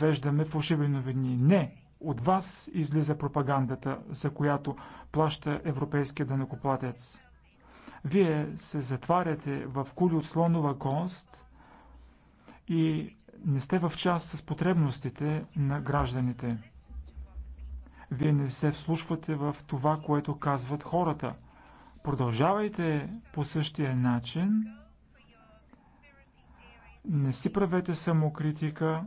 веждаме фалшиви новини. Не! От вас излиза пропагандата, за която плаща европейския данъкоплатец. Вие се затваряте в кули от слонова кост и не сте в час с потребностите на гражданите. Вие не се вслушвате в това, което казват хората. Продължавайте по същия начин. Не си правете самокритика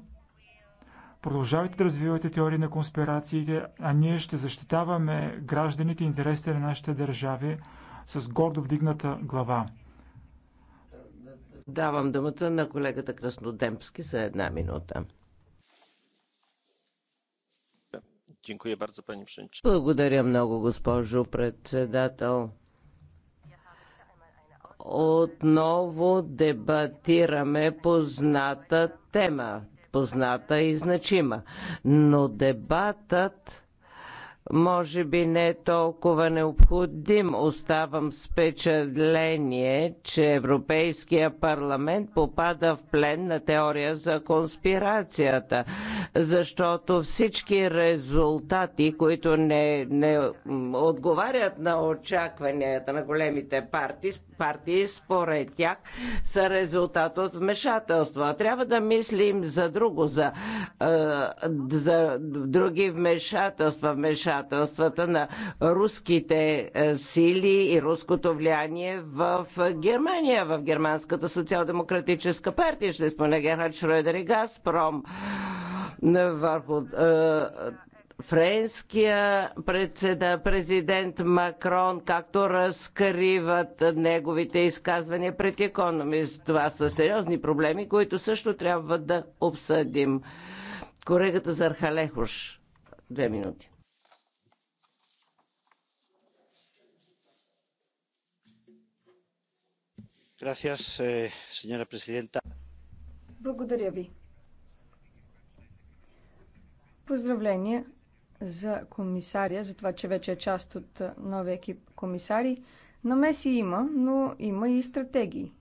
Продължавайте да развивате теории на конспирациите, а ние ще защитаваме гражданите и интересите на нашите държави с гордо вдигната глава. Давам думата на колегата Краснодемски за една минута. Благодаря много, госпожо председател. Отново дебатираме позната тема позната и значима. Но дебатът може би не е толкова необходим. Оставам с впечатление, че Европейския парламент попада в плен на теория за конспирацията, защото всички резултати, които не, не отговарят на очакванията на големите партии, партии според тях са резултат от вмешателство. Трябва да мислим за друго, за, е, за други вмешателства, вмешателства предизвикателствата на руските е, сили и руското влияние в Германия, в Германската социал-демократическа партия. Ще спомена Герхард Шройдер и Газпром върху е, френския президент Макрон, както разкриват неговите изказвания пред економист. Това са сериозни проблеми, които също трябва да обсъдим. Корегата Зархалехуш. Две минути. Eh, Благодаря ви. Поздравления за комисаря, за това, че вече е част от новия екип комисари. Намеси има, но има и стратегии.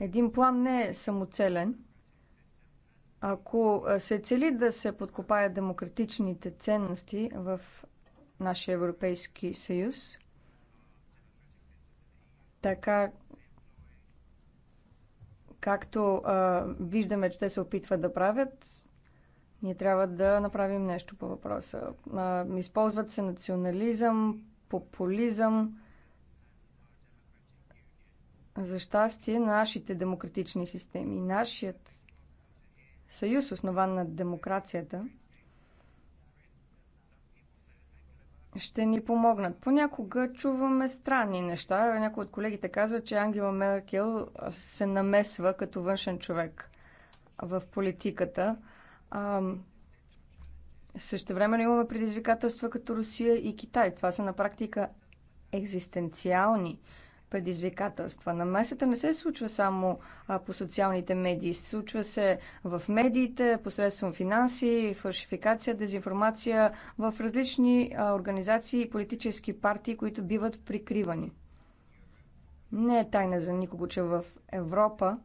Един план не е самоцелен. Ако се цели да се подкопаят демократичните ценности в нашия Европейски съюз, така както а, виждаме, че те се опитват да правят, ние трябва да направим нещо по въпроса. А, използват се национализъм, популизъм. За щастие, нашите демократични системи, нашият съюз, основан на демокрацията, ще ни помогнат. Понякога чуваме странни неща. Някои от колегите казват, че Ангела Меркел се намесва като външен човек в политиката. А, време имаме предизвикателства като Русия и Китай. Това са на практика екзистенциални предизвикателства. Намесата не се случва само а, по социалните медии, случва се в медиите, посредством финанси, фалшификация, дезинформация, в различни а, организации и политически партии, които биват прикривани. Не е тайна за никого, че в Европа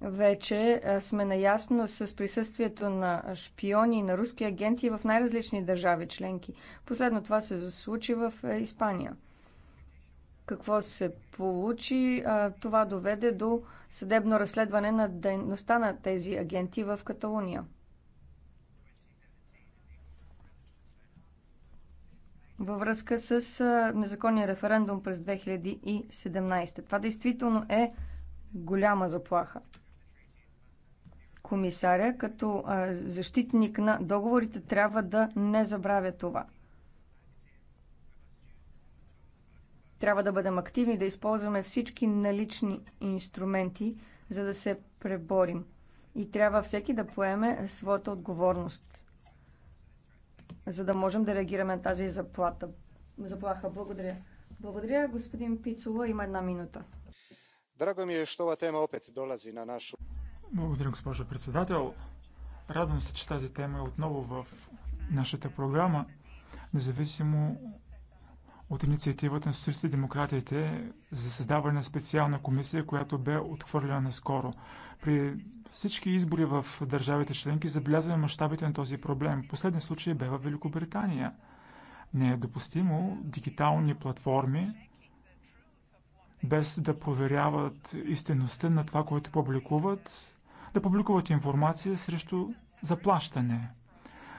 вече сме наясно с присъствието на шпиони и на руски агенти в най-различни държави членки. Последно това се случи в Испания – какво се получи, това доведе до съдебно разследване на дейността на тези агенти в Каталуния. Във връзка с незаконния референдум през 2017. Това действително е голяма заплаха. Комисаря, като защитник на договорите, трябва да не забравя това. Трябва да бъдем активни, да използваме всички налични инструменти, за да се преборим. И трябва всеки да поеме своята отговорност, за да можем да реагираме на тази заплата. заплаха. Благодаря. Благодаря, господин Пицула. Има една минута. Драго ми е, що ова тема опет долази на нашу... Благодаря, госпожо председател. Радвам се, че тази тема е отново в нашата програма, независимо от инициативата на социалистите и демократите за създаване на специална комисия, която бе отхвърлена наскоро. При всички избори в държавите членки забелязваме мащабите на този проблем. Последният случай бе в Великобритания. Не е допустимо дигитални платформи без да проверяват истинността на това, което публикуват, да публикуват информация срещу заплащане.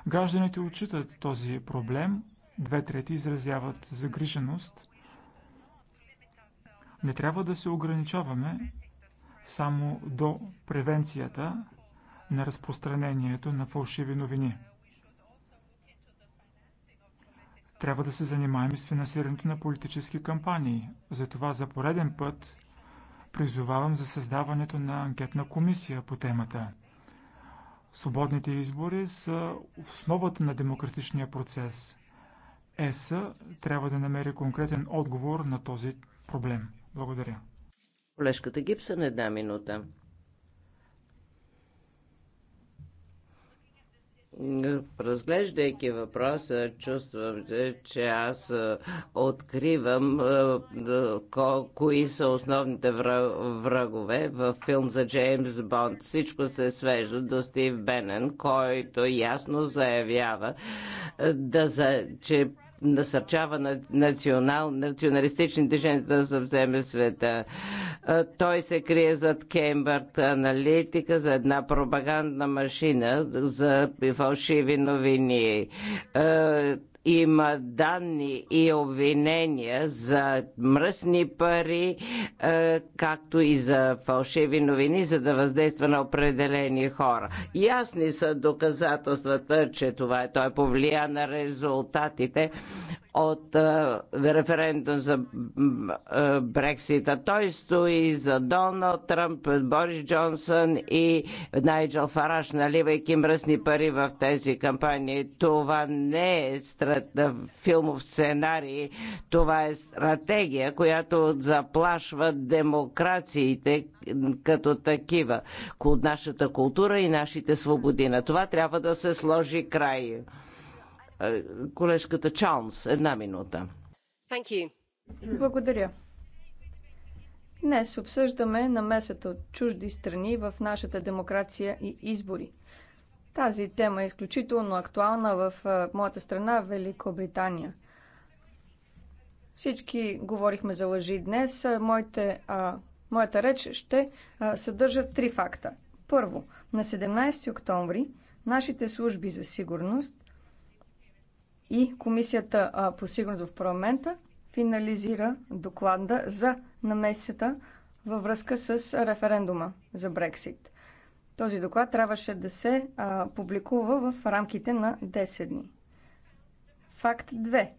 Гражданите отчитат този проблем Две трети изразяват загриженост. Не трябва да се ограничаваме само до превенцията на разпространението на фалшиви новини. Трябва да се занимаем с финансирането на политически кампании. Затова за пореден път призовавам за създаването на анкетна комисия по темата. Свободните избори са основата на демократичния процес. ЕС трябва да намери конкретен отговор на този проблем. Благодаря. Колешката Гипсън, една минута. разглеждайки въпроса, чувствам, че аз откривам кои са основните врагове в филм за Джеймс Бонд. Всичко се свежда до Стив Бенен, който ясно заявява, да за, че насърчава на национал, националистични движения да завземе света. Той се крие зад Кембърт аналитика за една пропагандна машина за фалшиви новини има данни и обвинения за мръсни пари, е, както и за фалшиви новини, за да въздейства на определени хора. Ясни са доказателствата, че това е. Той повлия на резултатите от е, референдум за е, Брексита. Той стои за Доналд Тръмп, Борис Джонсън и Найджел Фараш, наливайки мръсни пари в тези кампании. Това не е страт... Е, филмов сценарий, това е стратегия, която заплашва демокрациите като такива, От нашата култура и нашите свободи. На това трябва да се сложи край. Е, колежката Чалмс. една минута. Благодаря. Днес обсъждаме намесата от чужди страни в нашата демокрация и избори. Тази тема е изключително актуална в е, моята страна, Великобритания. Всички говорихме за лъжи днес. Е, моите, а, моята реч ще а, съдържа три факта. Първо, на 17 октомври нашите служби за сигурност и Комисията по сигурност в парламента финализира доклада за намесата във връзка с референдума за Брексит. Този доклад трябваше да се а, публикува в рамките на 10 дни. Факт 2.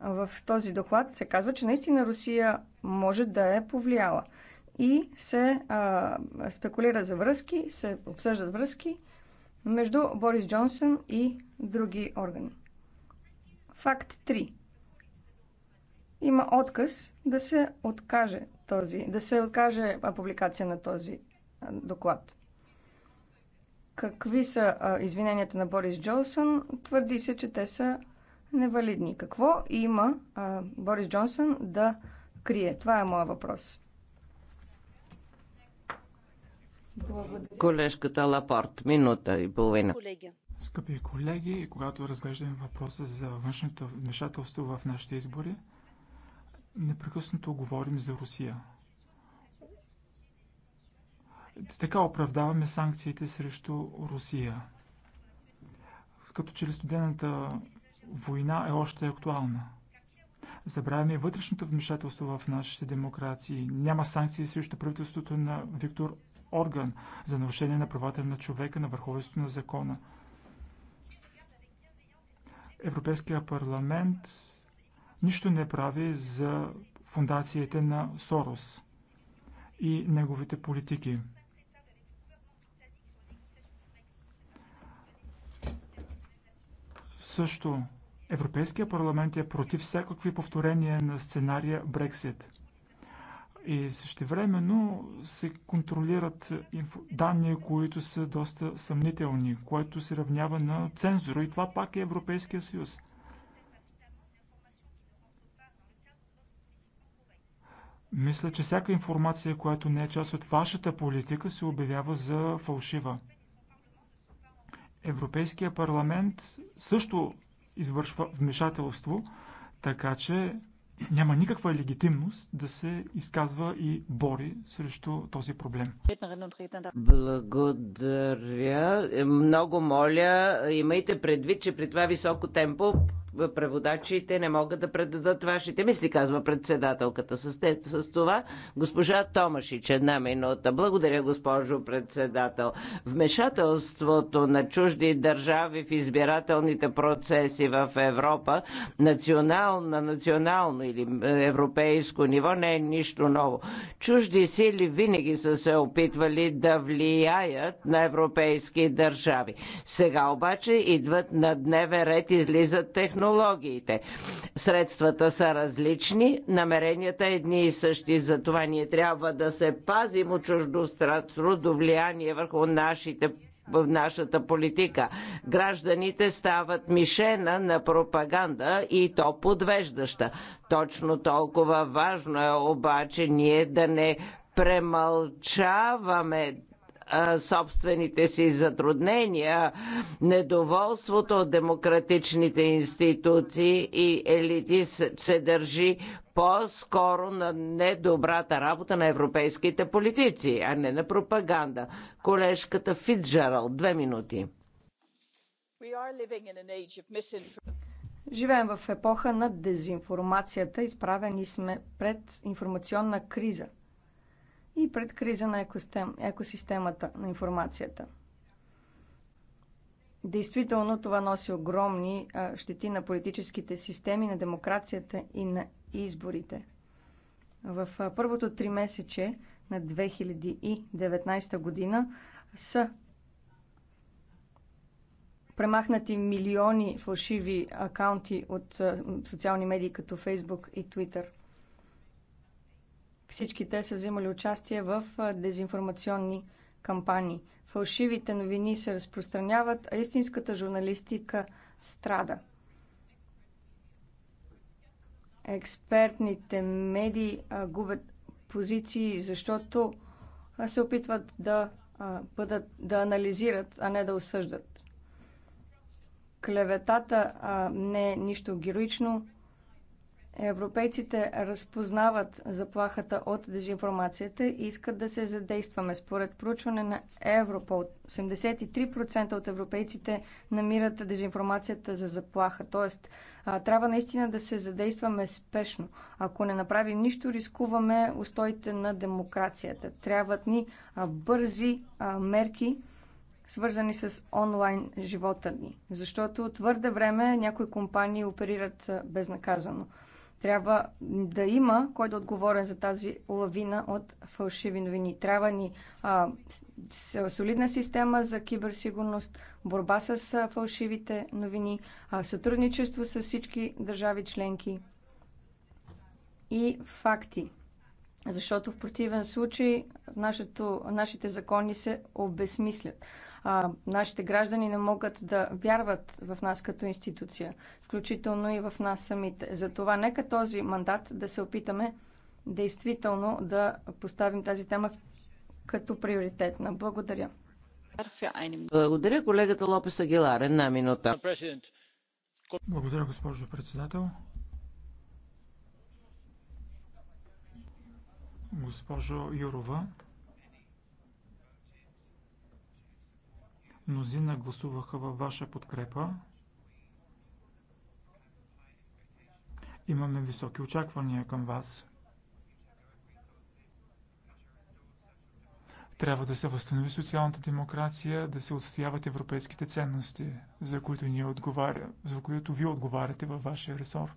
В този доклад се казва, че наистина Русия може да е повлияла. И се а, спекулира за връзки, се обсъждат връзки между Борис Джонсън и други органи. Факт 3. Има отказ да се откаже този, да се откаже публикация на този доклад. Какви са а, извиненията на Борис Джонсън? Твърди се, че те са невалидни. Какво има а, Борис Джонсън да крие? Това е моят въпрос. Благодаря. Колежката Лапорт, минута и половина. Колеги, Скъпи колеги, когато разглеждаме въпроса за външното вмешателство в нашите избори, непрекъснато говорим за Русия. Така оправдаваме санкциите срещу Русия. Като че ли студената война е още актуална. Забравяме вътрешното вмешателство в нашите демокрации. Няма санкции срещу правителството на Виктор Орган за нарушение на правата на човека, на върховенството на закона – Европейския парламент нищо не прави за фундациите на Сорос и неговите политики. Също Европейския парламент е против всякакви повторения на сценария Брексит. И същевременно се контролират данни, които са доста съмнителни, което се равнява на цензура и това пак е Европейския съюз. Мисля, че всяка информация, която не е част от вашата политика, се обявява за фалшива. Европейския парламент също извършва вмешателство, така че няма никаква легитимност да се изказва и бори срещу този проблем. Благодаря. Много моля, имайте предвид, че при това високо темпо преводачите не могат да предадат вашите мисли, казва председателката. С, те, с това госпожа Томашич, една минута. Благодаря, госпожо председател. Вмешателството на чужди държави в избирателните процеси в Европа национал, на национално или е, европейско ниво не е нищо ново. Чужди сили винаги са се опитвали да влияят на европейски държави. Сега обаче идват на дневен ред, излизат технологиите. Средствата са различни, намеренията едни и същи, затова ние трябва да се пазим от чуждо страстно влияние върху нашите в нашата политика. Гражданите стават мишена на пропаганда и то подвеждаща. Точно толкова важно е обаче ние да не премълчаваме собствените си затруднения, недоволството от демократичните институции и елити се държи по-скоро на недобрата работа на европейските политици, а не на пропаганда. Колежката Фитджерал, две минути. Живеем в епоха на дезинформацията, изправени сме пред информационна криза и пред криза на екосистем, екосистемата на информацията. Действително това носи огромни а, щети на политическите системи, на демокрацията и на изборите. В а, първото три месече на 2019 година са премахнати милиони фалшиви акаунти от а, социални медии като Facebook и Twitter – всички те са взимали участие в дезинформационни кампании. Фалшивите новини се разпространяват, а истинската журналистика страда. Експертните медии губят позиции, защото се опитват да, бъдат, да анализират, а не да осъждат. Клеветата не е нищо героично, Европейците разпознават заплахата от дезинформацията и искат да се задействаме. Според проучване на Европол, 83% от европейците намират дезинформацията за заплаха. Тоест, трябва наистина да се задействаме спешно. Ако не направим нищо, рискуваме устоите на демокрацията. Трябват ни бързи мерки, свързани с онлайн живота ни. Защото твърде време някои компании оперират безнаказано. Трябва да има кой да е отговорен за тази лавина от фалшиви новини. Трябва ни а, солидна система за киберсигурност, борба с а, фалшивите новини, а, сътрудничество с всички държави членки и факти. Защото в противен случай нашето, нашите закони се обесмислят а, нашите граждани не могат да вярват в нас като институция, включително и в нас самите. Затова нека този мандат да се опитаме действително да поставим тази тема като приоритетна. Благодаря. Благодаря колегата Лопес Агилар. Една минута. Благодаря, госпожо председател. Госпожо Юрова, Мнозина гласуваха във ваша подкрепа. Имаме високи очаквания към вас. Трябва да се възстанови социалната демокрация, да се отстояват европейските ценности, за които, ние отговаря, за които ви отговаряте във вашия ресор.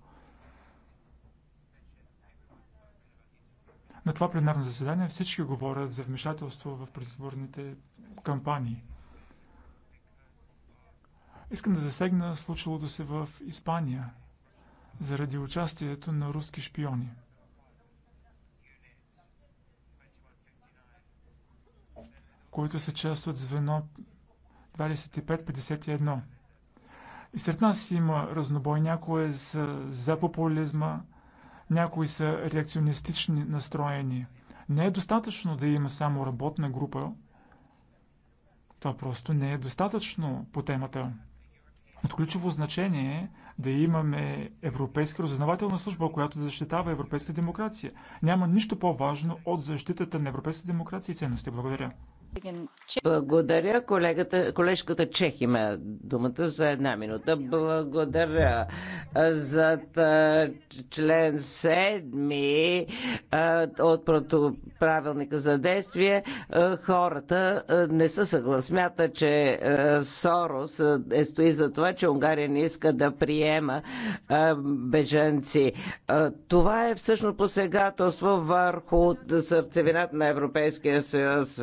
На това пленарно заседание всички говорят за вмешателство в предизборните кампании. Искам да засегна случилото се в Испания заради участието на руски шпиони. които са част от звено 2551. И сред нас има разнобой. Някои са за популизма, някои са реакционистични настроени. Не е достатъчно да има само работна група. Това просто не е достатъчно по темата. От ключово значение е да имаме Европейска разузнавателна служба, която да защитава европейска демокрация. Няма нищо по-важно от защитата на европейската демокрация и ценности. Благодаря. Благодаря. Колегата, колежката Чех има думата за една минута. Благодаря за член 7 от правилника за действие. Хората не са съгласни. че Сорос е стои за това, че Унгария не иска да приема беженци. Това е всъщност посегателство върху сърцевината на Европейския съюз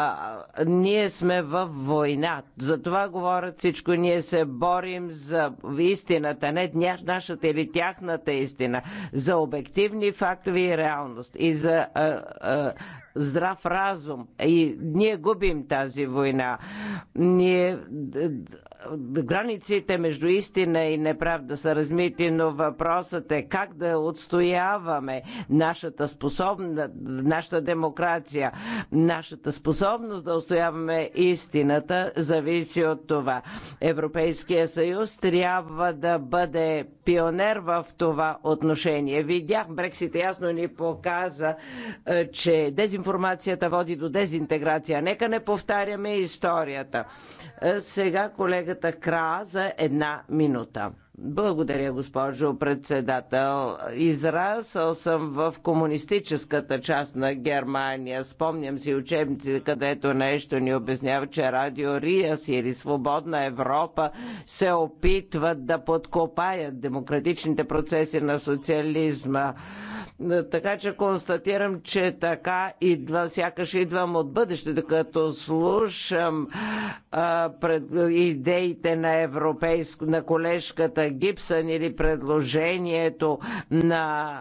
а, ние сме в война. За това говорят всичко. Ние се борим за истината, не нашата или тяхната истина, за обективни фактови и реалност и за а, а, здрав разум. И ние губим тази война. Ние границите между истина и неправда са размити, но въпросът е как да отстояваме нашата способност, нашата демокрация, нашата способност да отстояваме истината зависи от това. Европейския съюз трябва да бъде пионер в това отношение. Видях, Брексит ясно ни показа, че дезинформацията води до дезинтеграция. Нека не повтаряме историята. Сега колега колегата Кра за една минута. Благодаря, госпожо председател. Израсъл съм в комунистическата част на Германия. Спомням си учебници, където нещо ни обяснява, че Радио Риас или Свободна Европа се опитват да подкопаят демократичните процеси на социализма. Така че констатирам, че така идва, сякаш идвам от бъдещето, като слушам а, пред, идеите на европейско, на колежката Гипсън или предложението на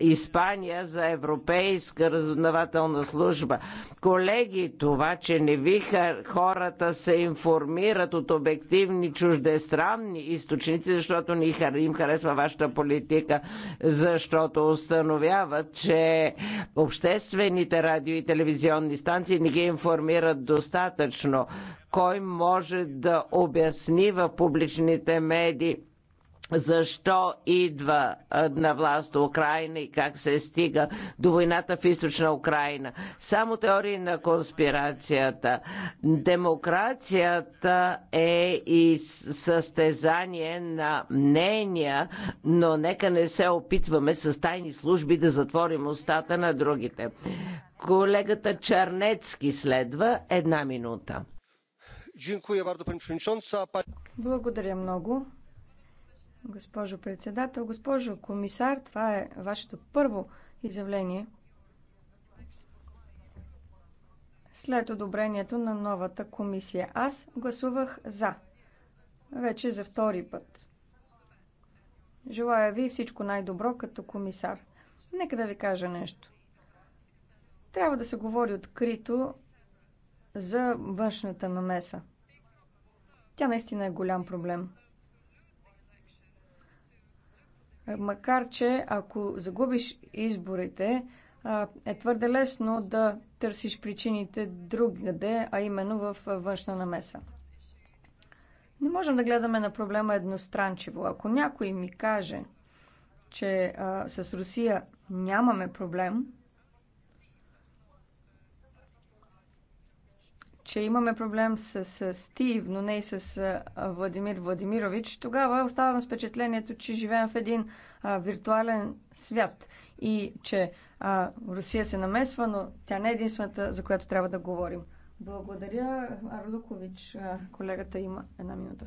Испания за Европейска разузнавателна служба. Колеги, това, че не ви хората се информират от обективни чуждестранни източници, защото ни им харесва вашата политика, защото установяват, че обществените радио и телевизионни станции не ги информират достатъчно. Кой може да обясни в публичните медии защо идва на власт Украина и как се стига до войната в източна Украина. Само теории на конспирацията. Демокрацията е и състезание на мнения, но нека не се опитваме с тайни служби да затворим устата на другите. Колегата Чернецки следва една минута. Благодаря много. Госпожо председател, госпожо комисар, това е вашето първо изявление след одобрението на новата комисия. Аз гласувах за. Вече за втори път. Желая ви всичко най-добро като комисар. Нека да ви кажа нещо. Трябва да се говори открито за външната намеса. Тя наистина е голям проблем. Е, макар, че ако загубиш изборите, е твърде лесно да търсиш причините другаде, а именно в външна намеса. Не можем да гледаме на проблема едностранчиво. Ако някой ми каже, че а, с Русия нямаме проблем, че имаме проблем с, с Стив, но не и с Владимир Владимирович, тогава оставам с впечатлението, че живеем в един а, виртуален свят и че а, Русия се намесва, но тя не е единствената, за която трябва да говорим. Благодаря, Арлукович. Колегата има една минута.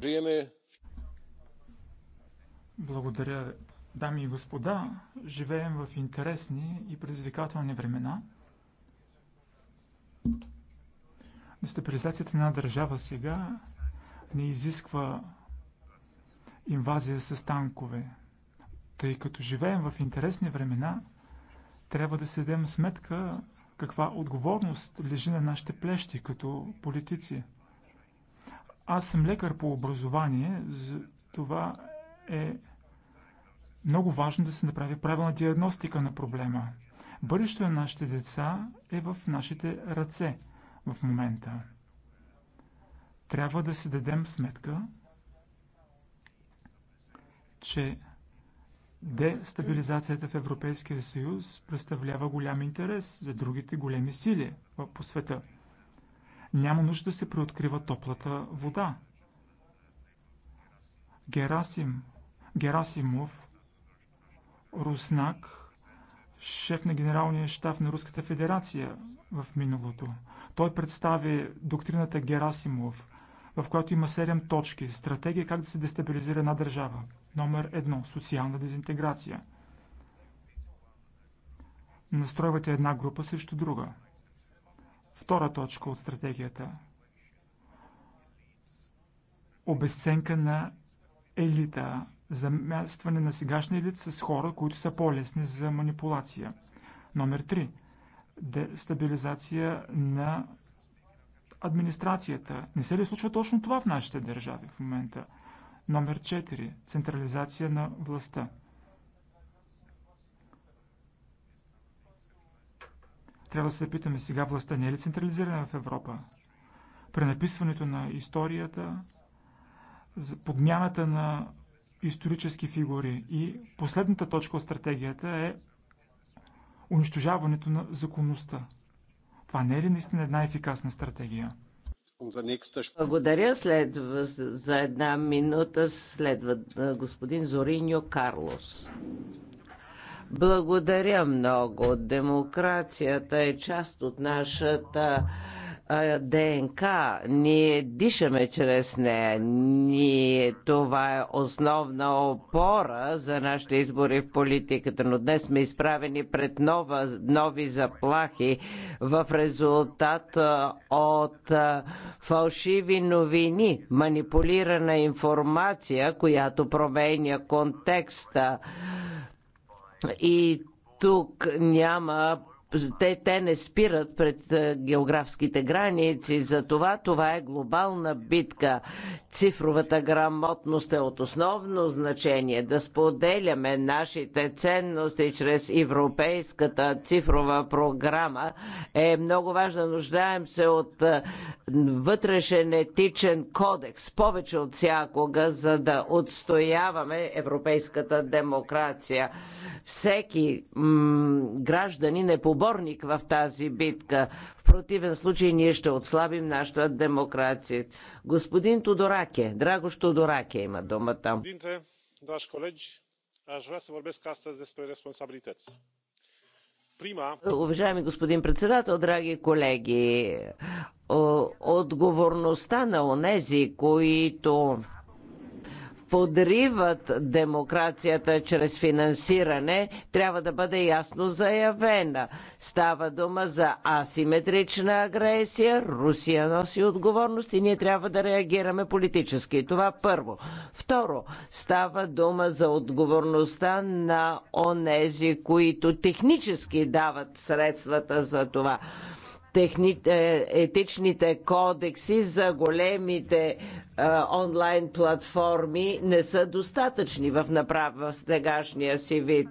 Благодаря, дами и господа. Живеем в интересни и предизвикателни времена. Дестабилизацията на една държава сега не изисква инвазия с танкове. Тъй като живеем в интересни времена, трябва да се дадем сметка каква отговорност лежи на нашите плещи като политици. Аз съм лекар по образование, за това е много важно да се направи правилна диагностика на проблема. Бъдещето на нашите деца е в нашите ръце – в момента. Трябва да си дадем сметка, че дестабилизацията в Европейския съюз представлява голям интерес за другите големи сили по света. Няма нужда да се преоткрива топлата вода. Герасим, Герасимов, руснак, шеф на генералния щаб на Руската федерация в миналото – той представи доктрината Герасимов, в която има 7 точки. Стратегия как да се дестабилизира една държава. Номер 1. Социална дезинтеграция. Настройвате една група срещу друга. Втора точка от стратегията. Обесценка на елита. Заместване на сегашния елит с хора, които са по-лесни за манипулация. Номер три дестабилизация на администрацията. Не се ли случва точно това в нашите държави в момента? Номер 4. Централизация на властта. Трябва да се питаме сега властта не е ли централизирана в Европа? Пренаписването на историята, подмяната на исторически фигури и последната точка от стратегията е унищожаването на законността. Това не е ли наистина една ефикасна стратегия? Благодаря. Следва за една минута следва господин Зориньо Карлос. Благодаря много. Демокрацията е част от нашата ДНК. Ние дишаме чрез нея. Ние, това е основна опора за нашите избори в политиката, но днес сме изправени пред нова, нови заплахи в резултат от фалшиви новини, манипулирана информация, която променя контекста. И тук няма те, те не спират пред географските граници. Затова това е глобална битка. Цифровата грамотност е от основно значение да споделяме нашите ценности чрез Европейската цифрова програма. Е много важно. Нуждаем се от вътрешен етичен кодекс, повече от всякога, за да отстояваме европейската демокрация. Всеки гражданин е побързан отборник в тази битка. В противен случай ние ще отслабим нашата демокрация. Господин Тодораке, Драгош Тодораке има думата. Dragi Уважаеми господин председател, драги колеги, отговорността на онези, които подриват демокрацията чрез финансиране, трябва да бъде ясно заявена. Става дума за асиметрична агресия, Русия носи отговорност и ние трябва да реагираме политически. Това първо. Второ, става дума за отговорността на онези, които технически дават средствата за това техни, е, етичните кодекси за големите е, онлайн платформи не са достатъчни в направа сегашния си вид.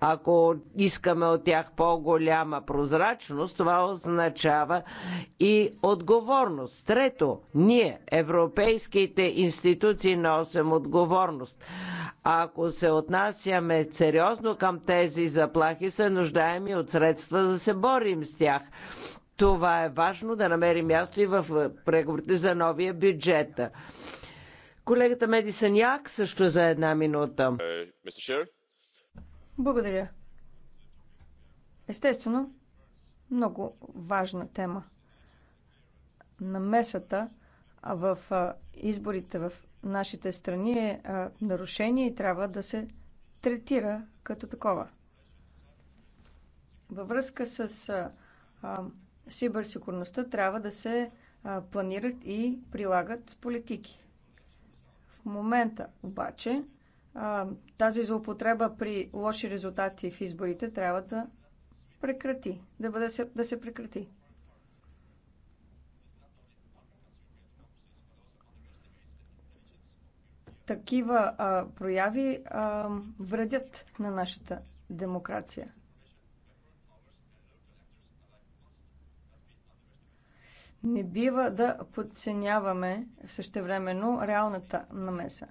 Ако искаме от тях по-голяма прозрачност, това означава и отговорност. Трето, ние, европейските институции, носим отговорност. Ако се отнасяме сериозно към тези заплахи, се нуждаем и от средства да се борим с тях. Това е важно да намери място и в преговорите за новия бюджет. Колегата Медисън Як също за една минута. Е, Благодаря. Естествено, много важна тема. Намесата в изборите в нашите страни е нарушение и трябва да се третира като такова. Във връзка с Сиберсигурността трябва да се планират и прилагат политики. В момента обаче тази злоупотреба при лоши резултати в изборите трябва да прекрати, да, бъде, да се прекрати. Такива а, прояви а, вредят на нашата демокрация. Не бива да подценяваме същевременно реалната намеса.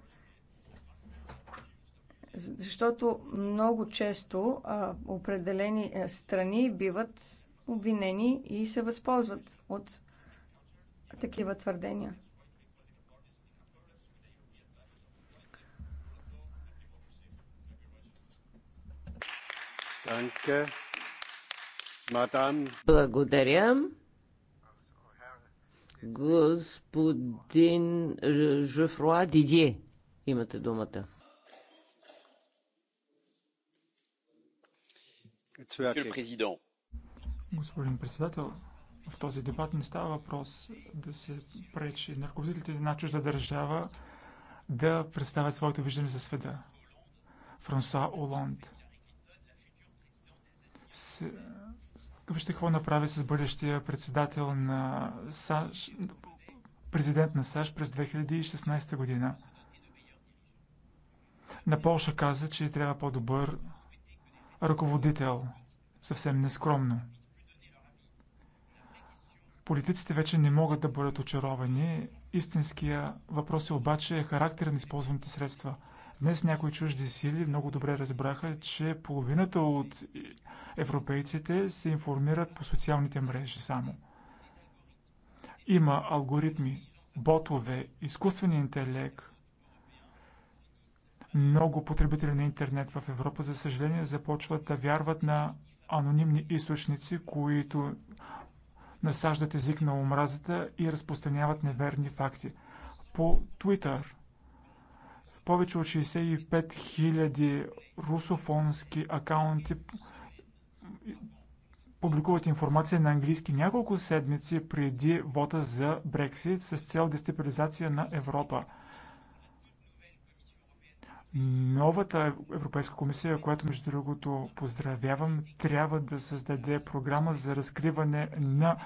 Защото много често а, определени страни биват обвинени и се възползват от такива твърдения. Благодаря. Господин е, Жофруа Дидие, имате думата. Господин председател, в този дебат не става въпрос да се пречи на ръководителите на чужда държава да представят своето виждане за света. Франсуа Оланд Вижте какво направи с бъдещия председател на САЩ, президент на САЩ през 2016 година. На Полша каза, че трябва по-добър ръководител. Съвсем нескромно. Политиците вече не могат да бъдат очаровани. Истинския въпрос е обаче характер на използваните средства. Днес някои чужди сили много добре разбраха, че половината от Европейците се информират по социалните мрежи само. Има алгоритми, ботове, изкуствен интелект. Много потребители на интернет в Европа, за съжаление, започват да вярват на анонимни източници, които насаждат език на омразата и разпространяват неверни факти. По Twitter повече от 65 000 русофонски акаунти публикуват информация на английски няколко седмици преди вота за Брексит с цел дестабилизация на Европа. Новата Европейска комисия, която между другото поздравявам, трябва да създаде програма за разкриване на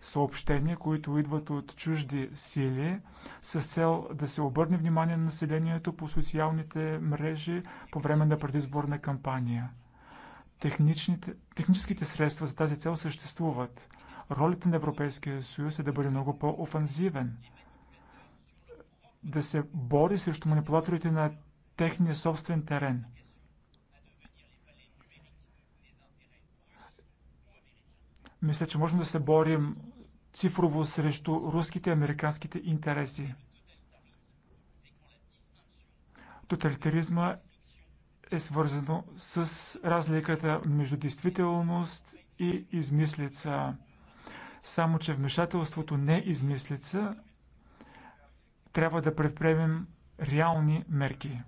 съобщения, които идват от чужди сили, с цел да се обърне внимание на населението по социалните мрежи по време на предизборна кампания техническите средства за тази цел съществуват. Ролята на Европейския съюз е да бъде много по-офанзивен, да се бори срещу манипулаторите на техния собствен терен. Мисля, че можем да се борим цифрово срещу руските и американските интереси. Тоталитаризма е свързано с разликата между действителност и измислица. Само, че вмешателството не е измислица, трябва да предприемем реални мерки.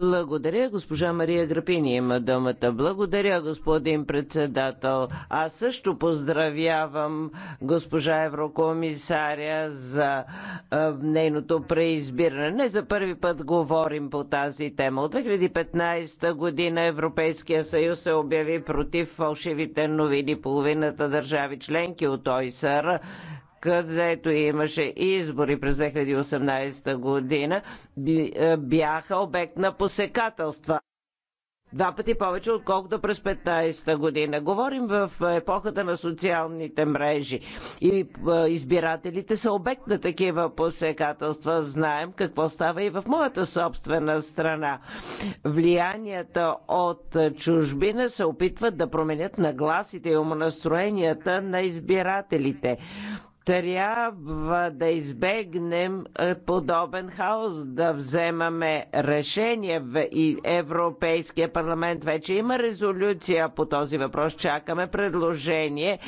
Благодаря, госпожа Мария Грапини има думата. Благодаря, господин председател. Аз също поздравявам госпожа еврокомисаря за а, нейното преизбиране. Не за първи път говорим по тази тема. От 2015 година Европейския съюз се обяви против фалшивите новини. Половината държави членки от ОИСР където имаше избори през 2018 година, е, бяха обект на посекателства два пъти повече, отколкото през 15-та година. Говорим в епохата на социалните мрежи и е, избирателите са обект на такива посекателства. Знаем какво става и в моята собствена страна. Влиянията от чужбина се опитват да променят нагласите и умонастроенията на избирателите трябва да избегнем е, подобен хаос, да вземаме решение и Европейския парламент вече има резолюция по този въпрос. Чакаме предложение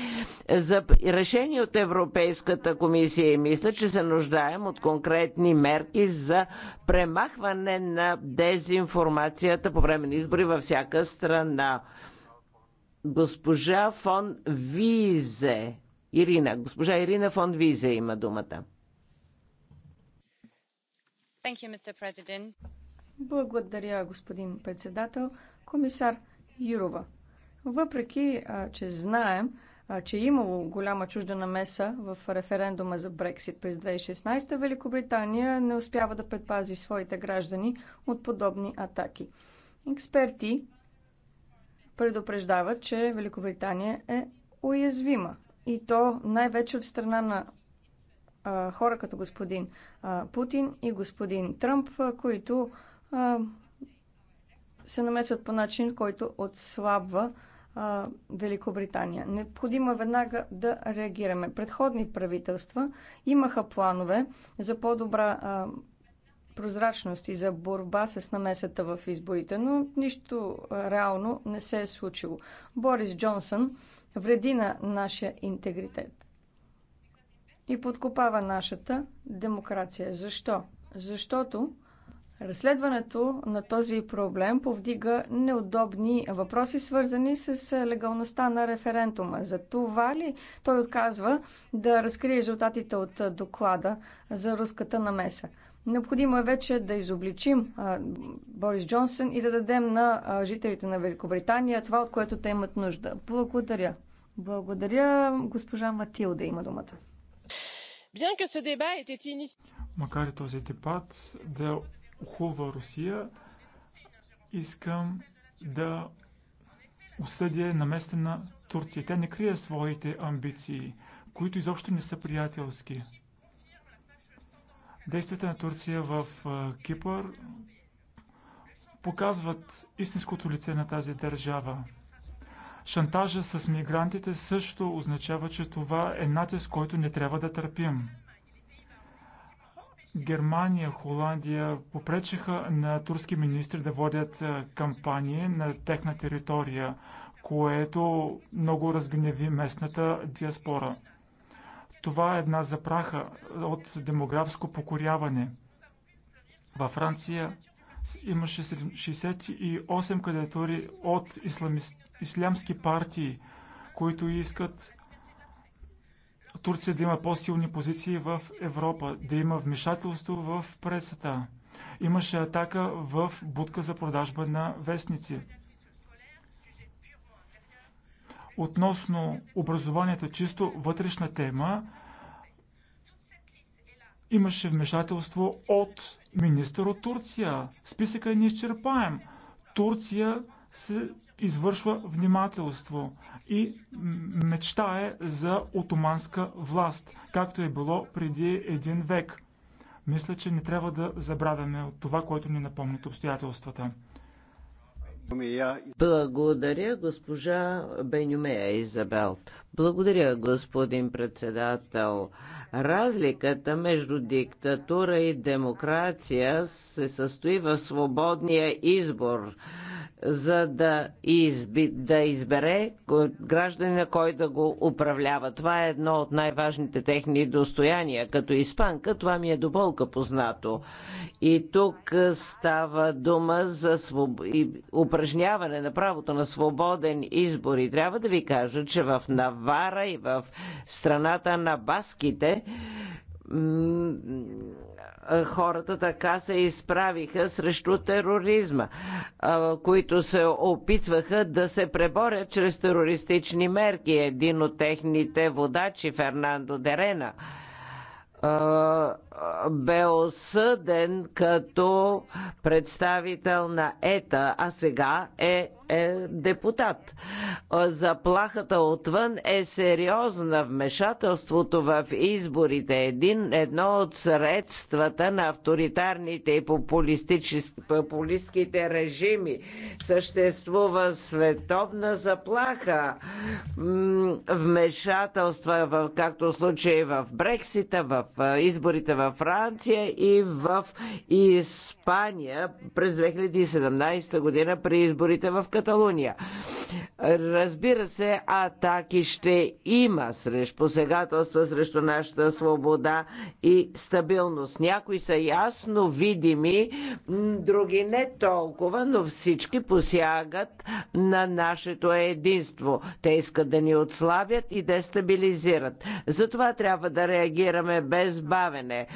за решение от Европейската комисия и мисля, че се нуждаем от конкретни мерки за премахване на дезинформацията по време на избори във всяка страна. Госпожа фон Визе Ирина, госпожа Ирина фон Визе има думата. You, Благодаря, господин председател. Комисар Юрова, въпреки, че знаем, че е имало голяма чужда намеса в референдума за Брексит през 2016, Великобритания не успява да предпази своите граждани от подобни атаки. Експерти предупреждават, че Великобритания е уязвима и то най-вече от страна на а, хора като господин а, Путин и господин Тръмп, а, които а, се намесват по начин, който отслабва а, Великобритания. Необходимо е веднага да реагираме. Предходни правителства имаха планове за по-добра прозрачност и за борба с намесата в изборите, но нищо реално не се е случило. Борис Джонсън вреди на нашия интегритет и подкопава нашата демокрация. Защо? Защото разследването на този проблем повдига неудобни въпроси, свързани с легалността на референдума. За това ли той отказва да разкрие резултатите от доклада за руската намеса? Необходимо е вече да изобличим Борис Джонсън и да дадем на жителите на Великобритания това, от което те имат нужда. Благодаря. Благодаря. Госпожа Матилда има думата. Макар и този дебат да хува Русия, искам да осъдя места на Турция. Тя не крие своите амбиции, които изобщо не са приятелски. Действията на Турция в Кипър показват истинското лице на тази държава. Шантажа с мигрантите също означава, че това е натиск, който не трябва да търпим. Германия, Холандия попречиха на турски министри да водят кампании на техна територия, което много разгневи местната диаспора. Това е една запраха от демографско покоряване. Във Франция имаше 68 кандидатури от ислямски партии, които искат Турция да има по-силни позиции в Европа, да има вмешателство в пресата. Имаше атака в будка за продажба на вестници. Относно образованието чисто вътрешна тема, имаше вмешателство от министър от Турция. Списъка е неизчерпаем. Турция се извършва внимателство и мечта е за отоманска власт, както е било преди един век. Мисля, че не трябва да забравяме от това, което ни напомнят обстоятелствата. Благодаря, госпожа Бенюмея Изабел. Благодаря, господин председател. Разликата между диктатура и демокрация се състои в свободния избор за да, изби, да избере гражданина кой да го управлява. Това е едно от най-важните техни достояния. Като испанка това ми е до болка познато. И тук е, става дума за своб... упражняване на правото на свободен избор. И трябва да ви кажа, че в Навара и в страната на баските хората така се изправиха срещу тероризма, които се опитваха да се преборят чрез терористични мерки. Един от техните водачи, Фернандо Дерена, бе осъден като представител на ЕТА, а сега е, е депутат. Заплахата отвън е сериозна. Вмешателството в изборите е един, едно от средствата на авторитарните и популистските режими. Съществува световна заплаха. Вмешателства, в, както случай в Брексита, в изборите във Франция и в Испания през 2017 година при изборите в Каталуния. Разбира се, атаки ще има срещу посегателства срещу нашата свобода и стабилност. Някои са ясно видими, други не толкова, но всички посягат на нашето единство. Те искат да ни отслабят и дестабилизират. Затова трябва да реагираме без бавене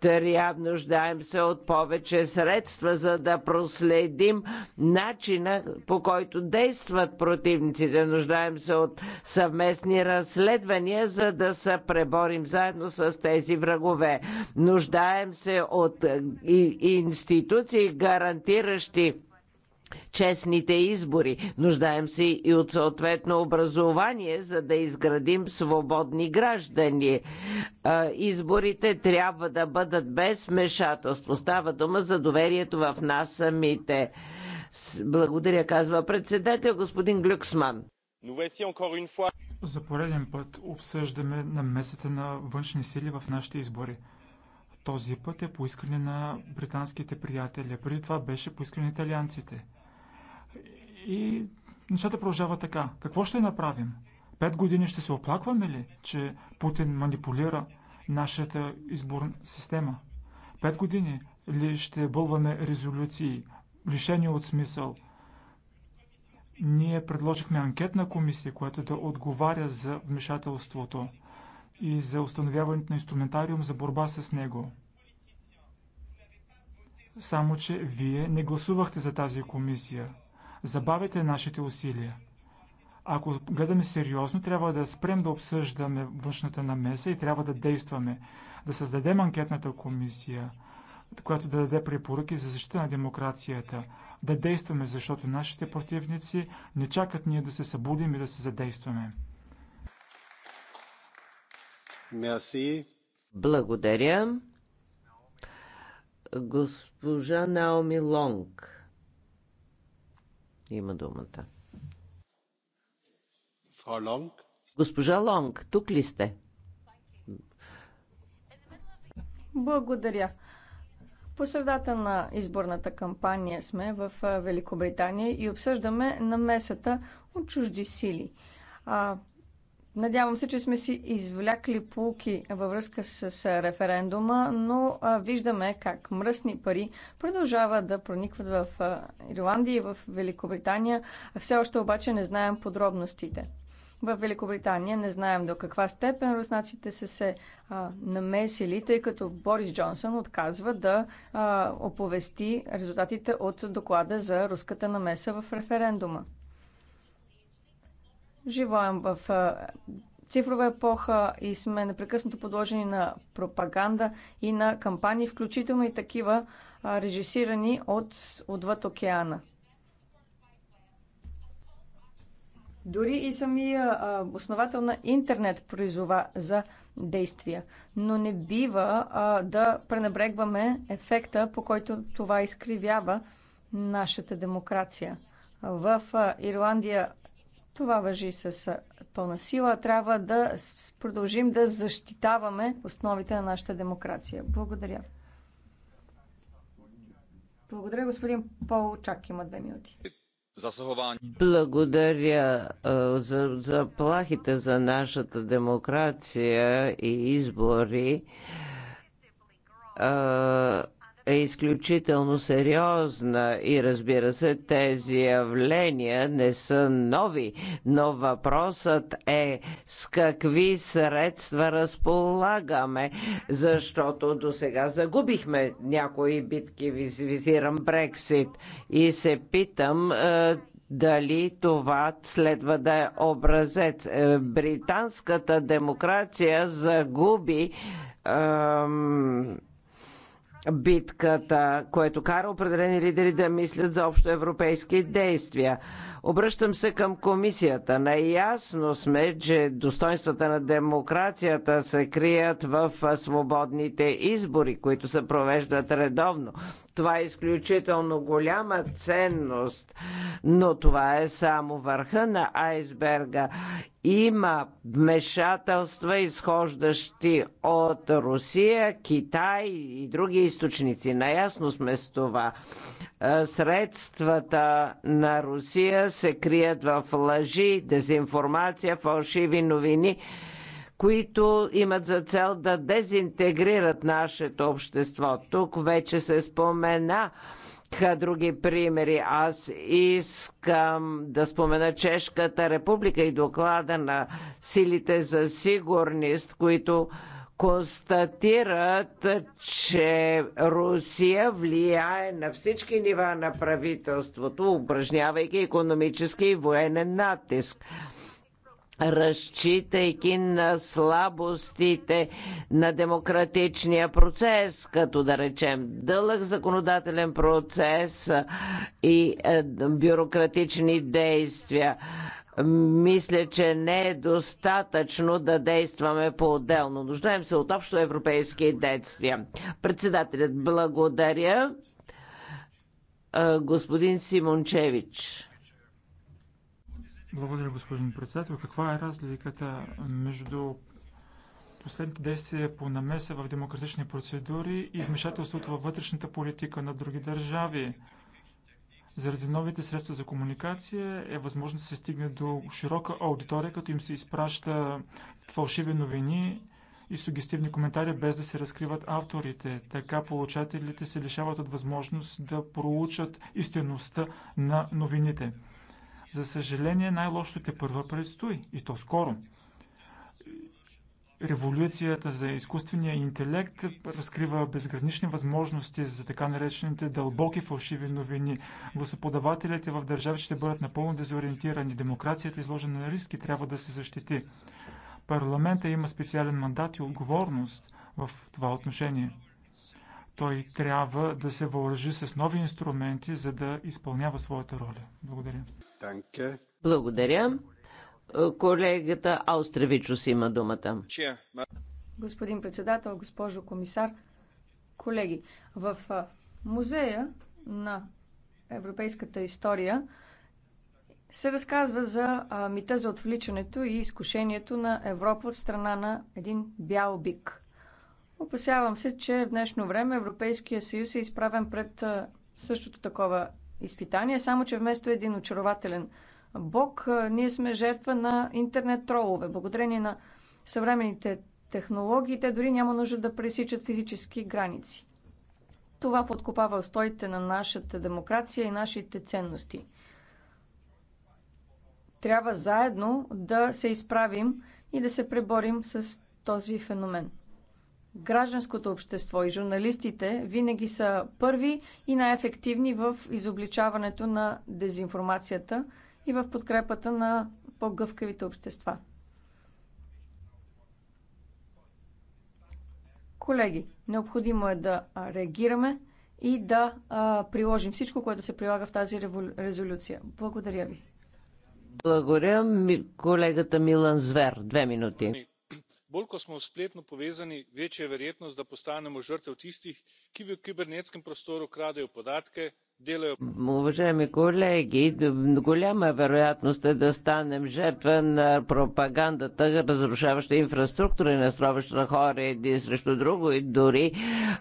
трябва нуждаем се от повече средства, за да проследим начина по който действат противниците. Нуждаем се от съвместни разследвания, за да се преборим заедно с тези врагове. Нуждаем се от институции, гарантиращи честните избори. Нуждаем се и от съответно образование, за да изградим свободни граждани. Изборите трябва да бъдат без вмешателство. Става дума за доверието в нас самите. Благодаря, казва председател господин Глюксман. За пореден път обсъждаме намесата на външни сили в нашите избори. Този път е поискане на британските приятели. Преди това беше поискане на италианците – и нещата продължават така. Какво ще направим? Пет години ще се оплакваме ли, че Путин манипулира нашата изборна система? Пет години ли ще бълваме резолюции, лишени от смисъл? Ние предложихме анкетна комисия, която да отговаря за вмешателството и за установяването на инструментариум за борба с него. Само, че вие не гласувахте за тази комисия. Забавяте нашите усилия. Ако гледаме сериозно, трябва да спрем да обсъждаме външната намеса и трябва да действаме. Да създадем анкетната комисия, която да даде препоръки за защита на демокрацията. Да действаме, защото нашите противници не чакат ние да се събудим и да се задействаме. Merci. Благодаря. Госпожа Наоми Лонг има думата. Госпожа Лонг, тук ли сте? Благодаря. По средата на изборната кампания сме в Великобритания и обсъждаме намесата от чужди сили. А, Надявам се, че сме си извлякли полки във връзка с референдума, но виждаме как мръсни пари продължават да проникват в Ирландия и в Великобритания. Все още обаче не знаем подробностите. В Великобритания не знаем до каква степен руснаците са се а, намесили, тъй като Борис Джонсън отказва да а, оповести резултатите от доклада за руската намеса в референдума. Живеем в цифрова епоха и сме непрекъснато подложени на пропаганда и на кампании, включително и такива режисирани от отвъд океана. Дори и самия основател на интернет призова за действия. Но не бива а, да пренебрегваме ефекта, по който това изкривява нашата демокрация. В Ирландия това въжи с пълна сила. Трябва да продължим да защитаваме основите на нашата демокрация. Благодаря. Благодаря, господин Пол чак. Има две минути. Благодаря за заплахите за нашата демокрация и избори е изключително сериозна и разбира се, тези явления не са нови, но въпросът е с какви средства разполагаме, защото до сега загубихме някои битки, визирам Брексит и се питам е, дали това следва да е образец. Е, британската демокрация загуби битката, което кара определени лидери да мислят за общо европейски действия. Обръщам се към комисията. Наясно сме, че достоинствата на демокрацията се крият в свободните избори, които се провеждат редовно. Това е изключително голяма ценност, но това е само върха на айсберга. Има вмешателства, изхождащи от Русия, Китай и други източници. Наясно сме с това. Средствата на Русия се крият в лъжи, дезинформация, фалшиви новини които имат за цел да дезинтегрират нашето общество. Тук вече се спомена други примери. Аз искам да спомена Чешката република и доклада на силите за сигурност, които констатират, че Русия влияе на всички нива на правителството, упражнявайки економически и военен натиск разчитайки на слабостите на демократичния процес, като да речем дълъг законодателен процес и бюрократични действия. Мисля, че не е достатъчно да действаме по-отделно. Нуждаем се от общо европейски действия. Председателят благодаря господин Симончевич. Благодаря, господин председател. Каква е разликата между последните действия по намеса в демократични процедури и вмешателството във вътрешната политика на други държави? Заради новите средства за комуникация е възможно да се стигне до широка аудитория, като им се изпраща фалшиви новини и сугестивни коментари, без да се разкриват авторите. Така получателите се лишават от възможност да проучат истинността на новините. За съжаление, най-лошото те първа предстои и то скоро. Революцията за изкуствения интелект разкрива безгранични възможности за така наречените дълбоки фалшиви новини. Гласоподавателите в държави ще бъдат напълно дезориентирани. Демокрацията, изложена на риски, трябва да се защити. Парламента има специален мандат и отговорност в това отношение. Той трябва да се въоръжи с нови инструменти, за да изпълнява своята роля. Благодаря. Благодаря. Колегата Аустревичус има думата. Господин председател, госпожо комисар, колеги, в музея на европейската история се разказва за мита за отвличането и изкушението на Европа от страна на един бял бик. Опасявам се, че в днешно време Европейския съюз е изправен пред същото такова изпитание, само че вместо един очарователен бог, ние сме жертва на интернет тролове. Благодарение на съвременните технологии, те дори няма нужда да пресичат физически граници. Това подкопава устоите на нашата демокрация и нашите ценности. Трябва заедно да се изправим и да се преборим с този феномен гражданското общество и журналистите винаги са първи и най-ефективни в изобличаването на дезинформацията и в подкрепата на по-гъвкавите общества. Колеги, необходимо е да реагираме и да а, приложим всичко, което се прилага в тази резолюция. Благодаря ви. Благодаря, колегата Милан Звер. Две минути bolj ko smo spletno povezani večja je verjetnost da postanemo žrtev tistih ki v kibernetskem prostoru kradejo podatke Уважаеми колеги, голяма вероятност е да станем жертва на пропагандата, разрушаваща инфраструктура и настроваща на хора един срещу друго и дори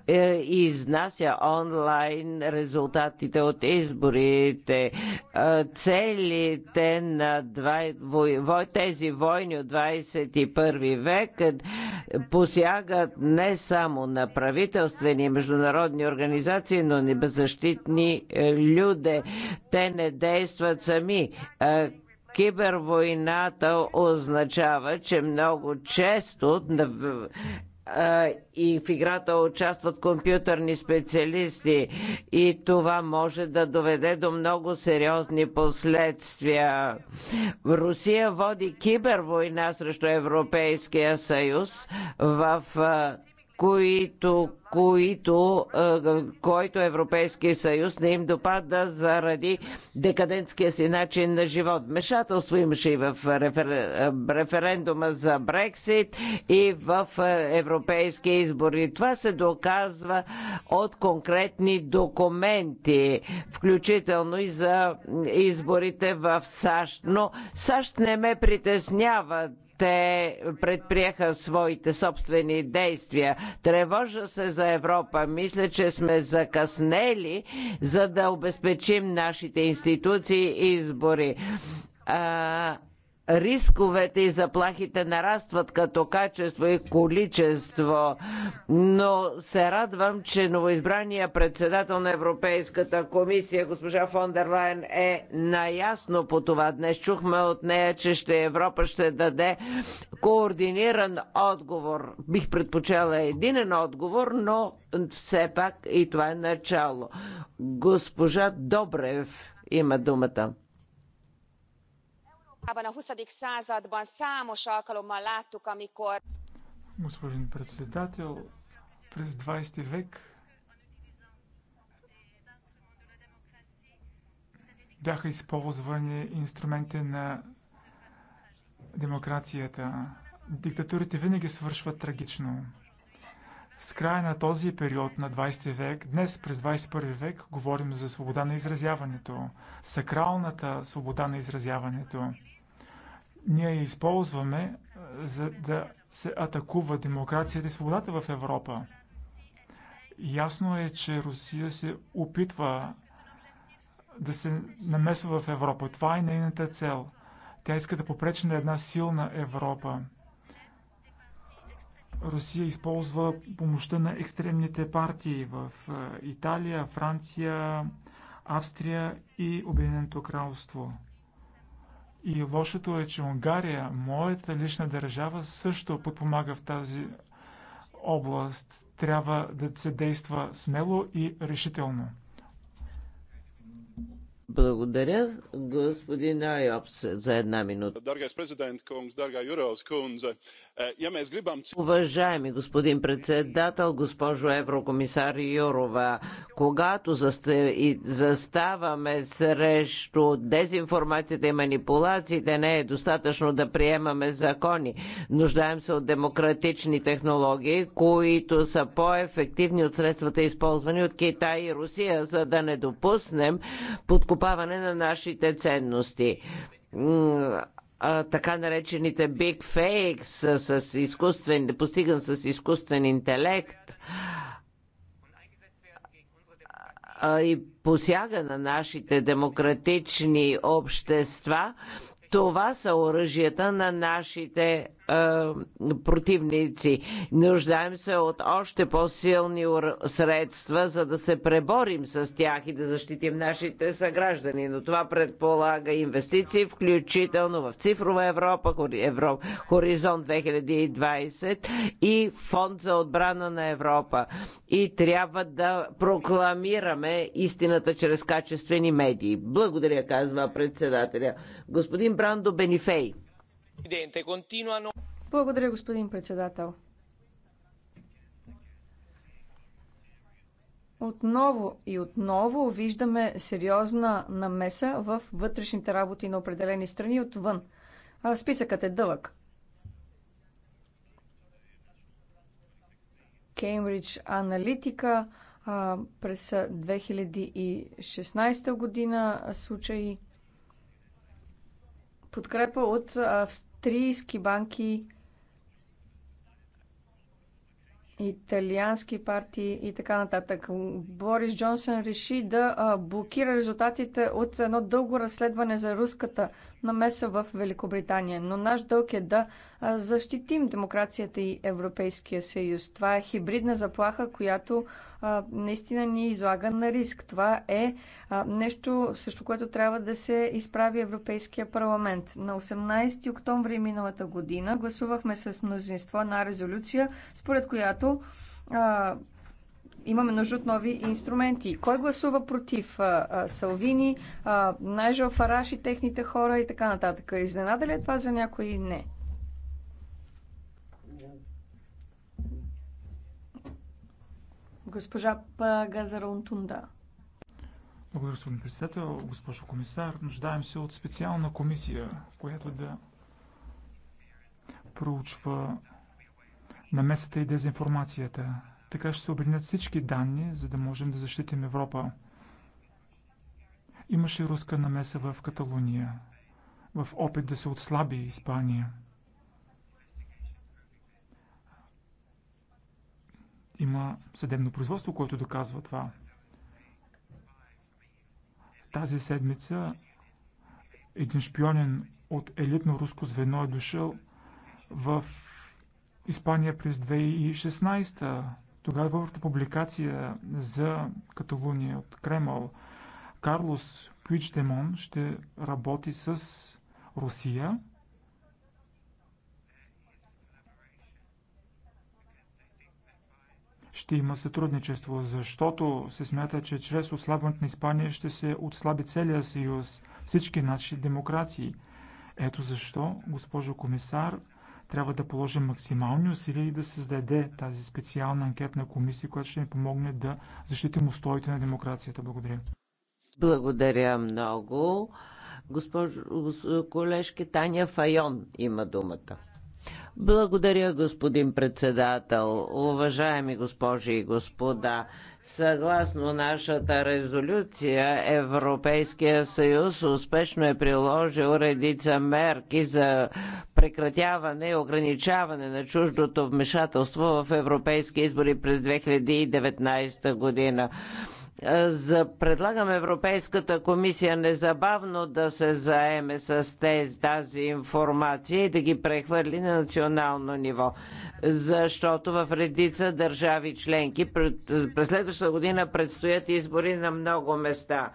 е, изнася онлайн резултатите от изборите. Е, целите на два, вой, тези войни от 21 век е, посягат не само на правителствени и международни организации, но и беззащитни Люди, те не действат сами. Кибервойната означава, че много често и в играта участват компютърни специалисти и това може да доведе до много сериозни последствия. Русия води кибервойна срещу Европейския съюз в които, които, който Европейския съюз не им допада заради декадентския си начин на живот. Вмешателство имаше и в рефер... референдума за Брексит и в европейски избори. Това се доказва от конкретни документи, включително и за изборите в САЩ. Но САЩ не ме притесняват те предприеха своите собствени действия. Тревожа се за Европа. Мисля, че сме закъснели, за да обезпечим нашите институции и избори. А, рисковете и заплахите нарастват като качество и количество, но се радвам, че новоизбрания председател на Европейската комисия, госпожа фон дер Лайен, е наясно по това. Днес чухме от нея, че ще Европа ще даде координиран отговор. Бих предпочела единен отговор, но все пак и това е начало. Госпожа Добрев има думата. Господин председател, през 20 век бяха използвани инструменти на демокрацията. Диктатурите винаги свършват трагично. С края на този период на 20 век, днес през 21 век, говорим за свобода на изразяването, сакралната свобода на изразяването – ние я използваме е, за да се атакува демокрацията и свободата в Европа. Ясно е, че Русия се опитва да се намесва в Европа. Това е нейната цел. Тя иска да попречи на една силна Европа. Русия използва помощта на екстремните партии в е, Италия, Франция, Австрия и Обединеното кралство. И лошото е, че Унгария, моята лична държава, също подпомага в тази област. Трябва да се действа смело и решително. Благодаря, господин Айопс, за една минута. Е, е Уважаеми господин председател, госпожо еврокомисар Юрова, когато заставаме срещу дезинформацията и манипулациите, не е достатъчно да приемаме закони. Нуждаем се от демократични технологии, които са по-ефективни от средствата, използвани от Китай и Русия, за да не допуснем подкуп подкопаване на нашите ценности а, така наречените big fakes с, с изкуствен, постиган с изкуствен интелект а, и посяга на нашите демократични общества, това са оръжията на нашите е, противници. Нуждаем се от още по-силни средства, за да се преборим с тях и да защитим нашите съграждани. Но това предполага инвестиции, включително в Цифрова Европа, Европа Хоризонт 2020 и Фонд за отбрана на Европа. И трябва да прокламираме истината чрез качествени медии. Благодаря, казва председателя. Господин Брандо Бенифей. Благодаря, господин председател. Отново и отново виждаме сериозна намеса в вътрешните работи на определени страни отвън. А списъкът е дълъг. Кеймридж Аналитика през 2016 година случаи подкрепа от австрийски банки, италиански партии и така нататък. Борис Джонсън реши да блокира резултатите от едно дълго разследване за руската намеса в Великобритания. Но наш дълг е да защитим демокрацията и Европейския съюз. Това е хибридна заплаха, която наистина ни излага на риск. Това е нещо, срещу което трябва да се изправи Европейския парламент. На 18 октомври миналата година гласувахме с мнозинство на резолюция, според която имаме нужда от нови инструменти. Кой гласува против? Салвини, Найжел Фараш и техните хора и така нататък. Изненада ли е това за някои? Не. Госпожа Газарунтунда. Благодаря, господин председател. Госпожо комисар, нуждаем се от специална комисия, която да проучва намесата и дезинформацията. Така ще се обединят всички данни, за да можем да защитим Европа. Имаше руска намеса в Каталуния, в опит да се отслаби Испания. Има съдебно производство, което доказва това. Тази седмица един шпионен от елитно руско звено е дошъл в Испания през 2016 тогава първата публикация за Каталуния от Кремъл Карлос Пуичдемон ще работи с Русия ще има сътрудничество, защото се смята, че чрез ослабването на Испания ще се отслаби целия съюз, всички наши демокрации. Ето защо, госпожо комисар, трябва да положим максимални усилия и да създаде тази специална анкетна комисия, която ще ни помогне да защитим устоите на демокрацията. Благодаря. Благодаря много. Госпожо, колежки Таня Файон има думата. Благодаря, господин председател. Уважаеми госпожи и господа, Съгласно нашата резолюция, Европейския съюз успешно е приложил редица мерки за прекратяване и ограничаване на чуждото вмешателство в европейски избори през 2019 година. Е, за, предлагам Европейската комисия незабавно да се заеме с тези, тази информация и да ги прехвърли на национално ниво. Защото в редица държави членки през следващата година предстоят избори на много места.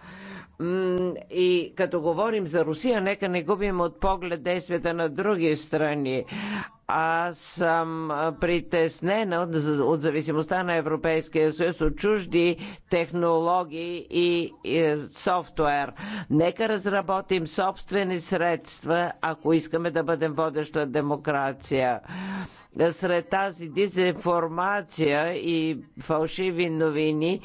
И като говорим за Русия, нека не губим от поглед действията на други страни. Аз съм притеснена от, зависимостта на Европейския съюз от чужди технологии и софтуер. Нека разработим собствени средства, ако искаме да бъдем водеща демокрация. Сред тази дезинформация и фалшиви новини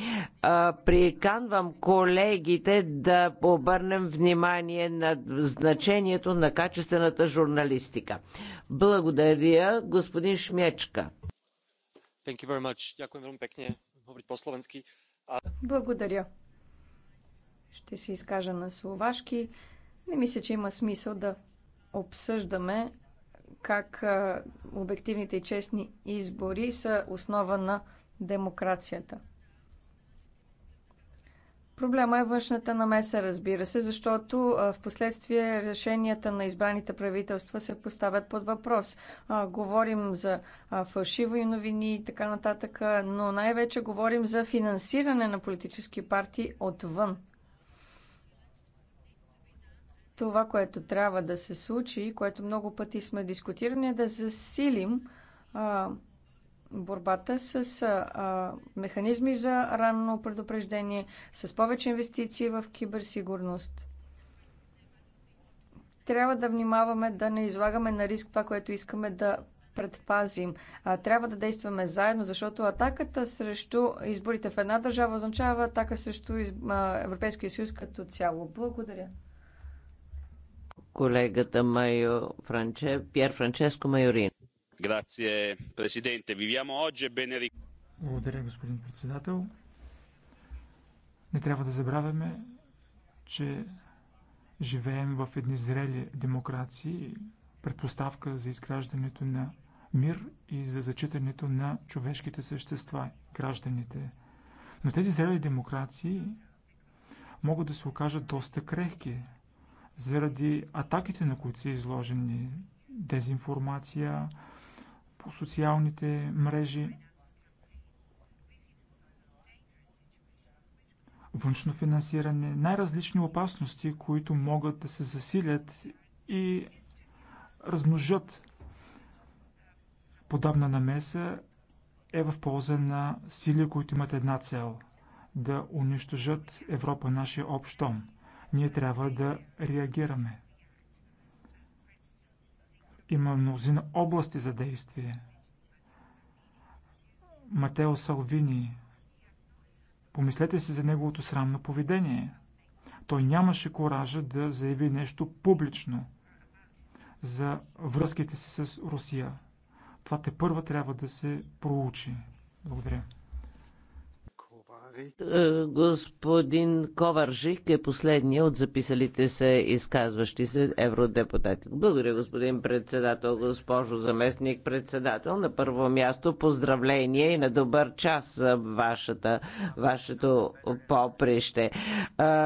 приканвам колегите да обърнем внимание на значението на качествената журналистика. Благодаря, господин Шмечка. Благодаря. Ще се изкажа на словашки. Не мисля, че има смисъл да обсъждаме как обективните и честни избори са основа на демокрацията. Проблема е външната намеса, разбира се, защото в последствие решенията на избраните правителства се поставят под въпрос. А, говорим за а, фалшиви новини и така нататък, но най-вече говорим за финансиране на политически партии отвън това, което трябва да се случи, което много пъти сме дискутирани, е да засилим а, борбата с а, механизми за ранно предупреждение, с повече инвестиции в киберсигурност. Трябва да внимаваме да не излагаме на риск това, което искаме да предпазим. А, трябва да действаме заедно, защото атаката срещу изборите в една държава означава атака срещу Европейския съюз като цяло. Благодаря колегата Майо Франче, Пьер Франческо Майорин. Грация, президенте. Вивямо Одже Бенери. Благодаря, господин председател. Не трябва да забравяме, че живеем в едни зрели демокрации, предпоставка за изграждането на мир и за зачитането на човешките същества, гражданите. Но тези зрели демокрации могат да се окажат доста крехки, заради атаките, на които са изложени дезинформация по социалните мрежи, външно финансиране, най-различни опасности, които могат да се засилят и размножат. Подобна намеса е в полза на сили, които имат една цел – да унищожат Европа, нашия общ дом. Ние трябва да реагираме. Има мнозина области за действие. Матео Салвини. Помислете си за неговото срамно поведение. Той нямаше коража да заяви нещо публично за връзките си с Русия. Това те първа трябва да се проучи. Благодаря. Е, господин Коваржик е последния от записалите се изказващи се евродепутати. Благодаря, господин председател, госпожо заместник председател. На първо място поздравление и на добър час за вашата, вашето поприще. Е,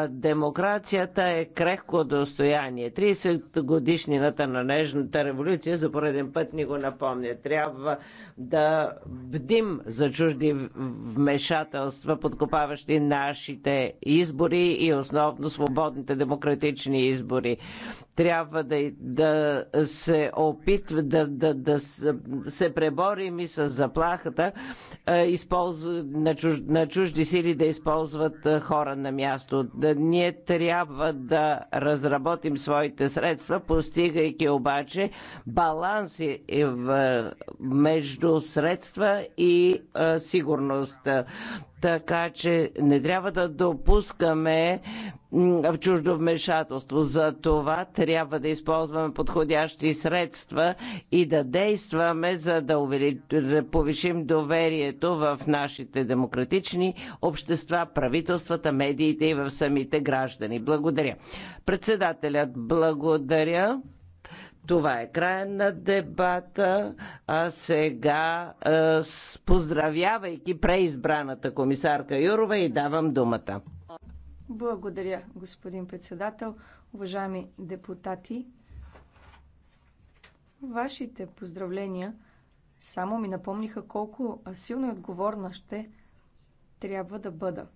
демокрацията е крехко достояние. 30 годишнината на нежната революция за пореден път ни го напомня. Трябва да бдим за чужди вмешателства под подкопаващи нашите избори и основно свободните демократични избори. Трябва да, да се опитва да, да, да се преборим и с заплахата използва, на, чуж, на чужди сили да използват хора на място. Да, ние трябва да разработим своите средства, постигайки обаче баланси в, между средства и а, сигурност. Така че не трябва да допускаме в чуждо вмешателство. За това трябва да използваме подходящи средства и да действаме, за да, увели... да повишим доверието в нашите демократични общества, правителствата, медиите и в самите граждани. Благодаря. Председателят, благодаря. Това е края на дебата. А сега, е, поздравявайки преизбраната комисарка Юрова, и давам думата. Благодаря, господин председател. Уважаеми депутати, вашите поздравления само ми напомниха колко силно и отговорна ще трябва да бъда.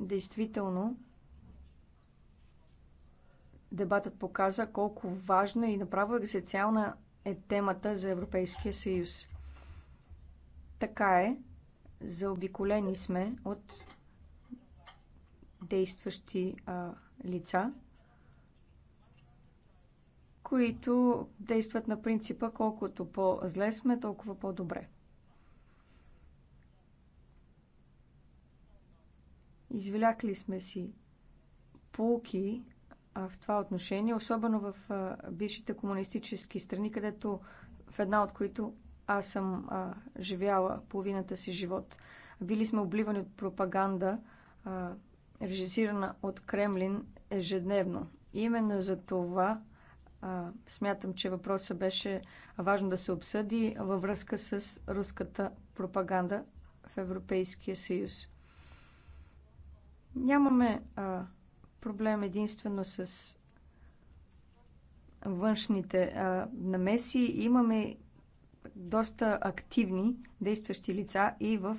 Действително, Дебатът показа колко важна и направо екзистенциална е темата за Европейския съюз. Така е, заобиколени сме от действащи а, лица, които действат на принципа колкото по-зле сме, толкова по-добре. Извлякли сме си полки в това отношение, особено в бившите комунистически страни, където в една от които аз съм а, живяла половината си живот. Били сме обливани от пропаганда, а, режисирана от Кремлин ежедневно. И именно за това а, смятам, че въпросът беше важно да се обсъди във връзка с руската пропаганда в Европейския съюз. Нямаме а, проблем единствено с външните а, намеси. Имаме доста активни действащи лица и в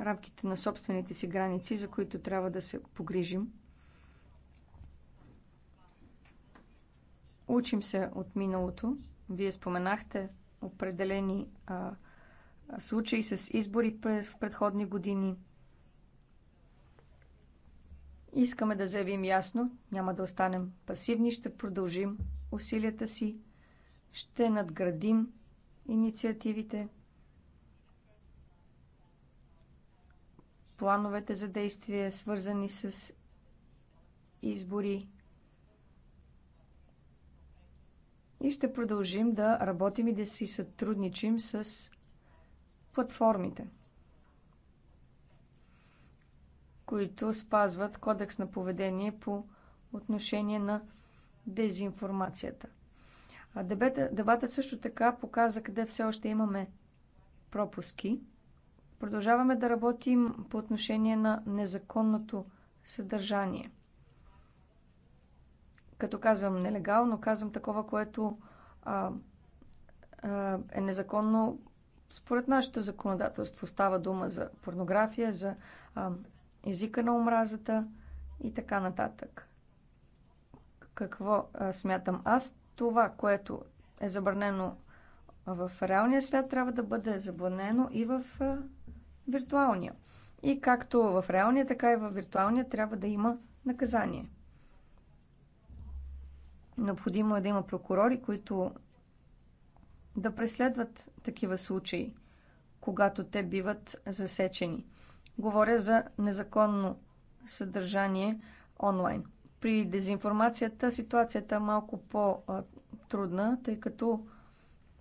рамките на собствените си граници, за които трябва да се погрижим. Учим се от миналото. Вие споменахте определени а, случаи с избори в предходни години – Искаме да заявим ясно, няма да останем пасивни, ще продължим усилията си, ще надградим инициативите, плановете за действие, свързани с избори. И ще продължим да работим и да си сътрудничим с платформите – които спазват кодекс на поведение по отношение на дезинформацията. А дебата, дебатът също така показа къде все още имаме пропуски. Продължаваме да работим по отношение на незаконното съдържание. Като казвам нелегално, казвам такова, което а, а, е незаконно според нашето законодателство. Става дума за порнография, за а, езика на омразата и така нататък. Какво а, смятам аз? Това, което е забранено в реалния свят, трябва да бъде забранено и в а, виртуалния. И както в реалния, така и в виртуалния трябва да има наказание. Необходимо е да има прокурори, които да преследват такива случаи, когато те биват засечени – Говоря за незаконно съдържание онлайн. При дезинформацията ситуацията е малко по-трудна, тъй като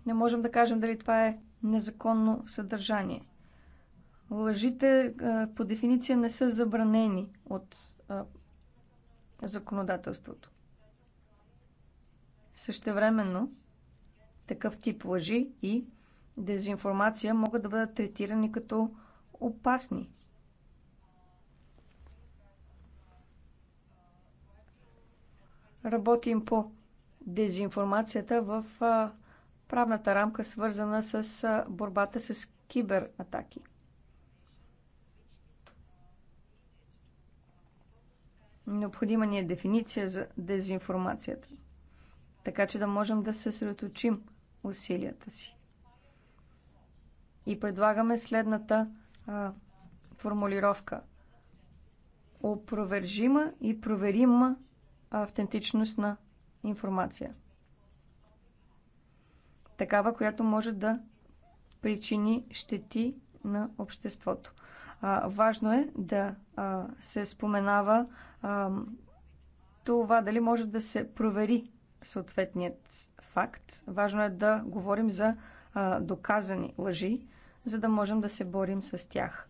не можем да кажем дали това е незаконно съдържание. Лъжите е, по дефиниция не са забранени от е, законодателството. Същевременно, такъв тип лъжи и дезинформация могат да бъдат третирани като опасни Работим по дезинформацията в правната рамка, свързана с борбата с кибератаки. Необходима ни е дефиниция за дезинформацията, така че да можем да съсредоточим усилията си. И предлагаме следната а, формулировка. Опровержима и проверима автентичност на информация. Такава, която може да причини щети на обществото. А, важно е да а, се споменава а, това дали може да се провери съответният факт. Важно е да говорим за а, доказани лъжи, за да можем да се борим с тях.